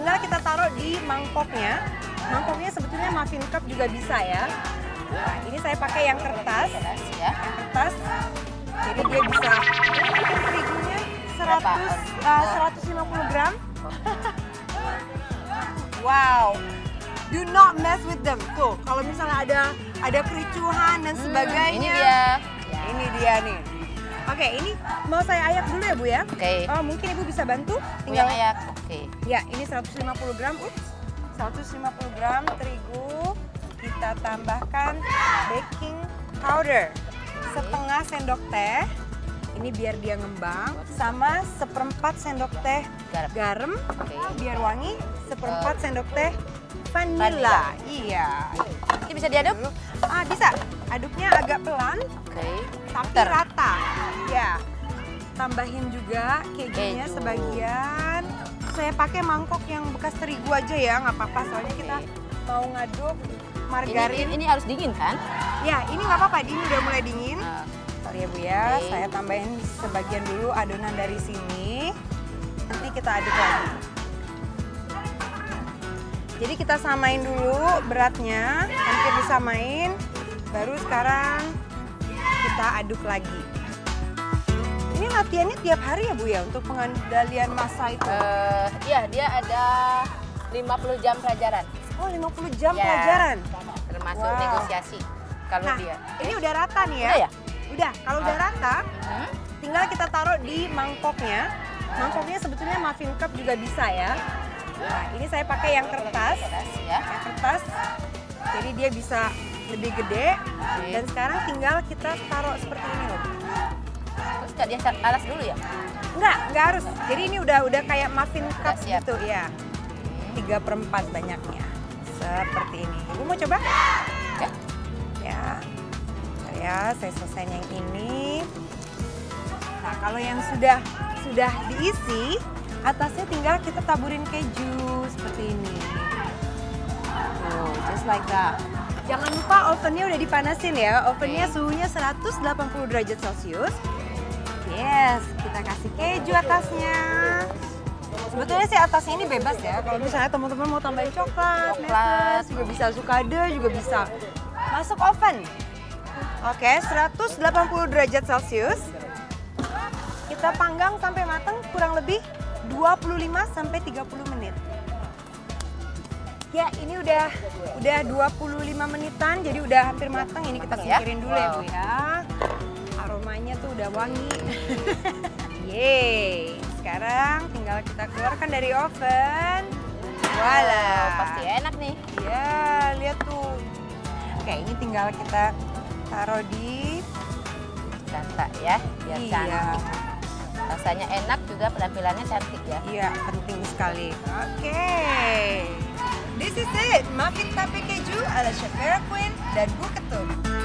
tinggal kita taruh di mangkoknya mangkoknya sebetulnya muffin cup juga bisa ya nah ini saya pakai yang kertas ya. yang kertas jadi dia bisa terigunya 100 uh, 150 gram wow do not mess with them tuh kalau misalnya ada ada kericuhan dan hmm, sebagainya hmm, ini dia ini dia nih Oke, ini mau saya ayak dulu ya Bu ya. Oke. Okay. Oh, mungkin Ibu bisa bantu? Tinggal Bu yang ayak. Oke. Okay. Ya, ini 150 gram. Ups. 150 gram terigu kita tambahkan baking powder setengah sendok teh ini biar dia ngembang sama seperempat sendok teh garam, garam okay. biar wangi seperempat oh. sendok teh vanilla. vanilla iya ini bisa diaduk ah bisa aduknya agak pelan okay. tapi rata ya tambahin juga kejunya Keju. sebagian saya pakai mangkok yang bekas terigu aja ya nggak apa-apa soalnya kita mau ngaduk margarin ini, ini, ini harus dingin kan ya ini nggak apa-apa ini udah mulai dingin uh, sorry ya bu ya okay. saya tambahin sebagian dulu adonan dari sini nanti kita aduk lagi jadi kita samain dulu beratnya hampir disamain baru sekarang kita aduk lagi ini latihannya tiap hari ya Bu ya untuk pengendalian masa itu? Uh, iya, dia ada 50 jam pelajaran. Oh, 50 jam ya, pelajaran? Termasuk wow. negosiasi kalau nah, dia. Ya. ini udah rata nih ya? Udah ya? Udah, kalau uh. udah ah. rata, hmm? tinggal kita taruh di mangkoknya. Mangkoknya sebetulnya muffin cup juga bisa ya. Nah, ini saya pakai yang kertas. Ya. Yang kertas, jadi dia bisa lebih gede. Dan sekarang tinggal kita taruh seperti ini nggak di atas dulu ya? Nggak, nggak harus. Jadi ini udah udah kayak muffin cup siap. gitu ya. Tiga perempat banyaknya. Seperti ini. Ibu mau coba? Ya. Ya. Ya, saya selesai yang ini. Nah, kalau yang sudah sudah diisi, atasnya tinggal kita taburin keju seperti ini. Oh, just like that. Jangan lupa ovennya udah dipanasin ya. Ovennya suhunya 180 derajat Celcius. Yes, kita kasih keju atasnya. Sebetulnya sih atasnya ini bebas ya. Kalau misalnya teman-teman mau tambahin coklat, coklat juga bisa, sukade juga bisa. Masuk oven. Oke, 180 derajat Celcius. Kita panggang sampai matang kurang lebih 25 sampai 30 menit. Ya, ini udah udah 25 menitan, jadi udah hampir matang. Ini kita ya? singkirin dulu ya, Bu ya udah wangi. Yeay. Sekarang tinggal kita keluarkan dari oven. Wala. Wow, pasti enak nih. ya lihat tuh. Oke, ini tinggal kita taruh di tata ya, biar iya. cantik. Rasanya enak juga penampilannya cantik ya. Iya, penting sekali. Oke. This is it, muffin tape keju ala Chef Vera Queen dan Bu Ketum.